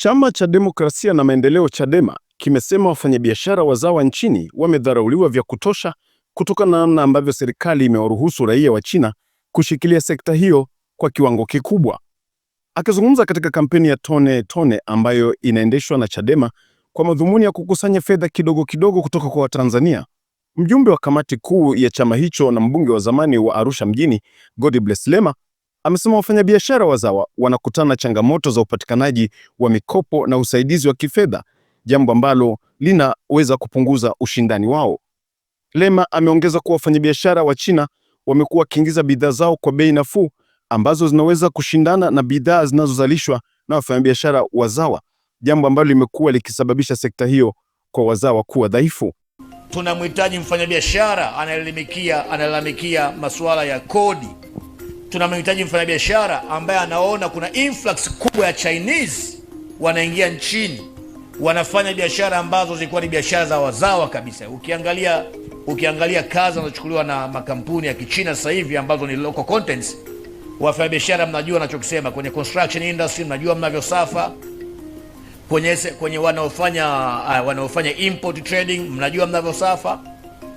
Chama cha Demokrasia na Maendeleo Chadema kimesema wafanyabiashara wazawa nchini wamedharauliwa vya kutosha kutokana na namna ambavyo serikali imewaruhusu raia wa China kushikilia sekta hiyo kwa kiwango kikubwa. Akizungumza katika kampeni ya Tone Tone ambayo inaendeshwa na Chadema kwa madhumuni ya kukusanya fedha kidogo kidogo kutoka kwa Watanzania, mjumbe wa kamati kuu ya chama hicho na mbunge wa zamani wa Arusha mjini Bless Lema amesema wafanyabiashara wazawa wanakutana changamoto za upatikanaji wa mikopo na usaidizi wa kifedha, jambo ambalo linaweza kupunguza ushindani wao. Lema ameongeza kuwa wafanyabiashara wa China wamekuwa wakiingiza bidhaa zao kwa bei nafuu ambazo zinaweza kushindana na bidhaa zinazozalishwa na wafanyabiashara wazawa, jambo ambalo limekuwa likisababisha sekta hiyo kwa wazawa kuwa dhaifu. Tunamhitaji mfanyabiashara anayelalamikia analalamikia masuala ya kodi tunamhitaji mfanyabiashara ambaye anaona kuna influx kubwa ya Chinese wanaingia nchini, wanafanya biashara ambazo zilikuwa ni biashara za wazawa kabisa. Ukiangalia, ukiangalia kazi zinazochukuliwa na makampuni ya Kichina sasa hivi ambazo ni local contents, wafanyabiashara mnajua nachokisema, kwenye construction industry mnajua mnavyosafa kwenye, kwenye wanaofanya uh, wanaofanya import trading mnajua mnavyosafa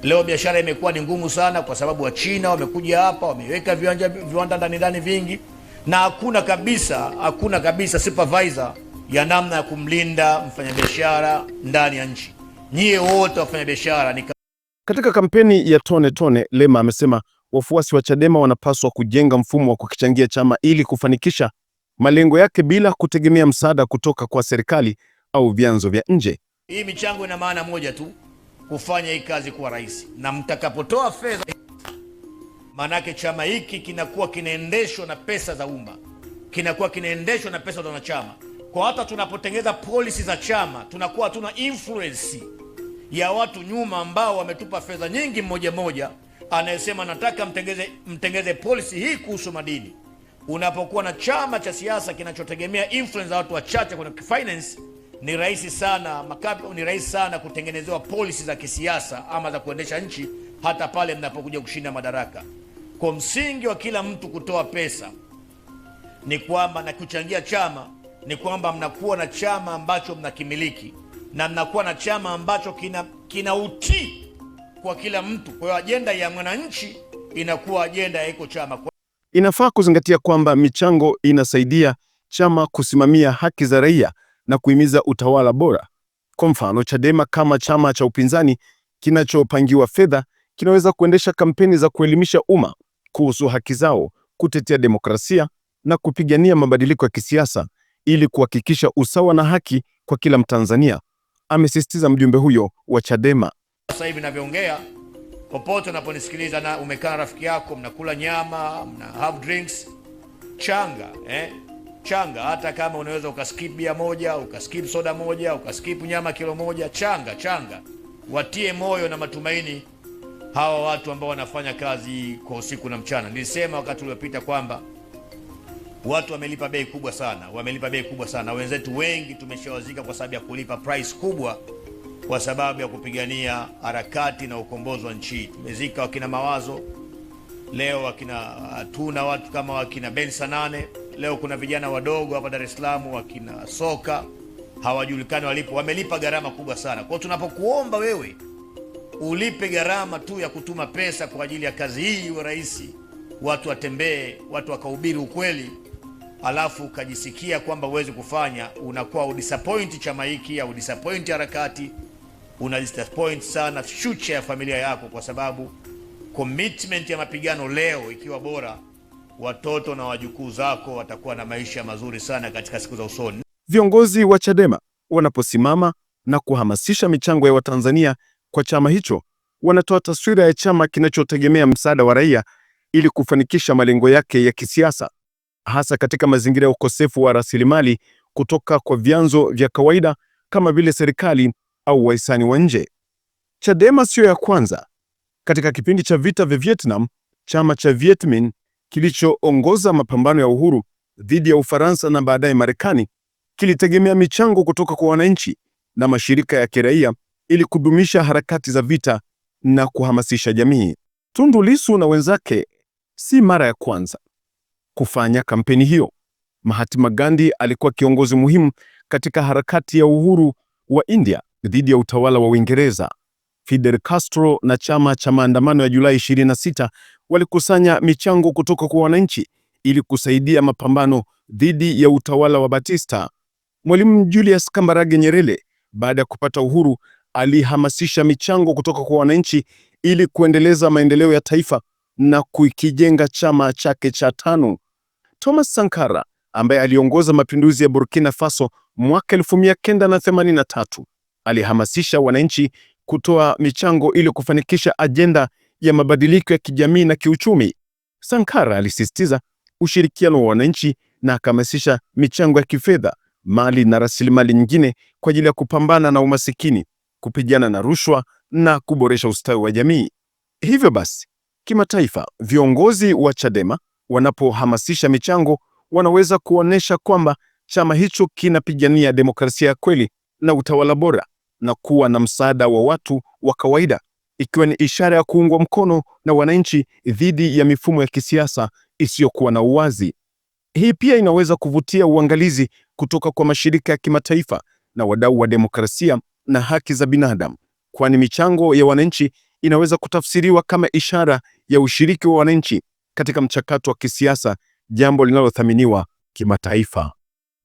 Leo biashara imekuwa ni ngumu sana, kwa sababu Wachina wamekuja hapa, wameweka viwanja viwanda ndani ndani vingi, na hakuna kabisa, hakuna kabisa supervisor ya namna ya kumlinda mfanyabiashara ndani ya nchi. Nyie wote wafanyabiashara ni katika kampeni ya tone tone. Lema amesema wafuasi wa Chadema wanapaswa kujenga mfumo wa kukichangia chama ili kufanikisha malengo yake bila kutegemea msaada kutoka kwa serikali au vyanzo vya nje. Hii michango ina maana moja tu kufanya hii kazi kuwa rahisi, na mtakapotoa fedha, maanake chama hiki kinakuwa kinaendeshwa na pesa za umma, kinakuwa kinaendeshwa na pesa za wanachama. Kwa hata tunapotengeneza polisi za chama tunakuwa hatuna influence ya watu nyuma ambao wametupa fedha nyingi, mmoja mmoja anayesema nataka mtengeze, mtengeze polisi hii kuhusu madini. Unapokuwa na chama cha siasa kinachotegemea influence za watu wachache kwenye finance ni rahisi sana makapi, ni rahisi sana kutengenezewa polisi za kisiasa ama za kuendesha nchi, hata pale mnapokuja kushinda madaraka. Kwa msingi wa kila mtu kutoa pesa ni kwamba na kuchangia chama ni kwamba mnakuwa na chama ambacho mnakimiliki na mnakuwa na chama ambacho kina, kina utii kwa kila mtu. Kwa hiyo ajenda ya mwananchi inakuwa ajenda ya iko chama. Inafaa kuzingatia kwamba michango inasaidia chama kusimamia haki za raia na kuhimiza utawala bora. Kwa mfano, Chadema kama chama cha upinzani kinachopangiwa fedha kinaweza kuendesha kampeni za kuelimisha umma kuhusu haki zao, kutetea demokrasia na kupigania mabadiliko ya kisiasa ili kuhakikisha usawa na haki kwa kila Mtanzania, amesisitiza mjumbe huyo wa Chadema. Sasa hivi ninavyoongea, popote unaponisikiliza na umekaa rafiki yako, mnakula nyama, mna have drinks, changa eh? changa. Hata kama unaweza ukaskip bia moja, ukaskip soda moja, ukaskip nyama kilo moja, changa changa. Watie moyo na matumaini hawa watu ambao wanafanya kazi kwa usiku na mchana. Nilisema wakati uliopita kwamba watu wamelipa bei kubwa sana, wamelipa bei kubwa sana. Wenzetu wengi tumeshawazika kwa sababu ya kulipa price kubwa, kwa sababu ya kupigania harakati na ukombozi wa nchi. Tumezika wakina Mawazo, leo wakina tuna watu kama wakina Ben Sanane Leo kuna vijana wadogo hapa Dar es Salaam wakina soka hawajulikani walipo, wamelipa gharama kubwa sana kwao. Tunapokuomba wewe ulipe gharama tu ya kutuma pesa kwa ajili ya kazi hii wa rahisi, watu watembee, watu wakahubiri ukweli, alafu ukajisikia kwamba uwezi kufanya, unakuwa udisappoint chama hiki au udisappoint harakati, una disappoint sana future ya familia yako, kwa sababu commitment ya mapigano leo ikiwa bora watoto na wajukuu zako watakuwa na maisha mazuri sana katika siku za usoni. Viongozi wa Chadema wanaposimama na kuhamasisha michango ya Watanzania kwa chama hicho, wanatoa taswira ya chama kinachotegemea msaada wa raia ili kufanikisha malengo yake ya kisiasa, hasa katika mazingira ya ukosefu wa rasilimali kutoka kwa vyanzo vya kawaida kama vile serikali au wahisani wa nje. Chadema siyo ya kwanza. Katika kipindi cha vita vya Vietnam, chama cha Viet Minh kilichoongoza mapambano ya uhuru dhidi ya Ufaransa na baadaye Marekani kilitegemea michango kutoka kwa wananchi na mashirika ya kiraia ili kudumisha harakati za vita na kuhamasisha jamii. Tundu Lissu na wenzake si mara ya kwanza kufanya kampeni hiyo. Mahatma Gandhi alikuwa kiongozi muhimu katika harakati ya uhuru wa India dhidi ya utawala wa Uingereza. Fidel Castro na chama cha maandamano ya Julai 26 walikusanya michango kutoka kwa wananchi ili kusaidia mapambano dhidi ya utawala wa Batista. Mwalimu Julius Kambarage Nyerere baada ya kupata uhuru alihamasisha michango kutoka kwa wananchi ili kuendeleza maendeleo ya taifa na kuikijenga chama chake cha tano. Thomas Sankara ambaye aliongoza mapinduzi ya Burkina Faso mwaka 1983 alihamasisha wananchi kutoa michango ili kufanikisha ajenda ya mabadiliko ya kijamii na kiuchumi. Sankara alisisitiza ushirikiano wa wananchi na akahamasisha michango ya kifedha, mali na rasilimali nyingine kwa ajili ya kupambana na umasikini, kupigana na rushwa na kuboresha ustawi wa jamii. Hivyo basi, kimataifa, viongozi wa Chadema wanapohamasisha michango, wanaweza kuonesha kwamba chama hicho kinapigania demokrasia ya kweli na utawala bora na kuwa na msaada wa watu wa kawaida ikiwa ni ishara ya kuungwa mkono na wananchi dhidi ya mifumo ya kisiasa isiyokuwa na uwazi. Hii pia inaweza kuvutia uangalizi kutoka kwa mashirika ya kimataifa na wadau wa demokrasia na haki za binadamu, kwani michango ya wananchi inaweza kutafsiriwa kama ishara ya ushiriki wa wananchi katika mchakato wa kisiasa, jambo linalothaminiwa kimataifa.